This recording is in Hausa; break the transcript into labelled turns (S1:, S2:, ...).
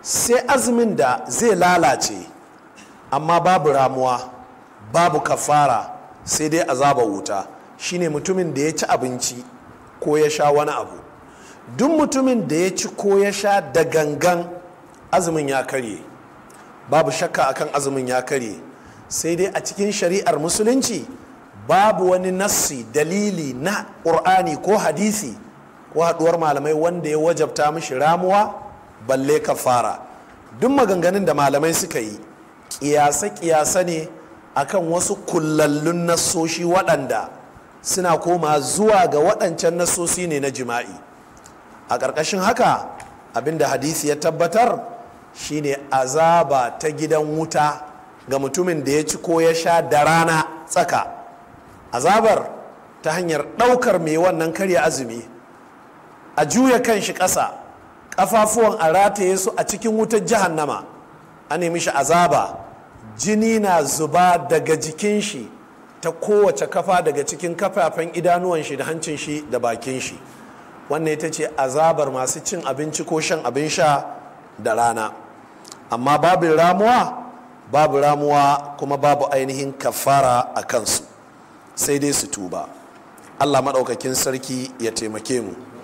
S1: sai azumin da zai lalace amma babu ramuwa babu kafara sai dai azaba wuta shine mutumin da ya ci abinci ko ya sha wani abu duk mutumin da ya ci ko ya sha da gangan azumin ya karye babu shakka akan azumin ya karye sai dai a cikin shari'ar musulunci babu wani nassi dalili na ƙur'ani ko hadisi ko haɗuwar malamai wanda ya wajabta mishi ramuwa balle ka fara duk maganganun da malamai suka yi kiyasa-kiyasa ne akan wasu kullallun nasoshi waɗanda suna koma zuwa ga waɗancan nasosi ne na jima'i a ƙarƙashin haka abinda hadisi ya tabbatar shine azaba ta gidan wuta ga mutumin da ya ci ko ya sha da rana tsaka azabar ta hanyar ɗaukar mai wannan karya azumi a juya kan shi ƙasa kafafuwan a rataye su a cikin wutar jahannama a nemi shi azaba jini na zuba daga jikin shi ta kowace kafa daga cikin kafafen idanuwan shi da hancin shi da bakin shi wannan ita ce azabar masu cin abinci ko shan abin sha da rana amma babu ramuwa babu ramuwa kuma babu ainihin kafara a kansu sai dai su tuba allah maɗaukakin sarki ya taimake mu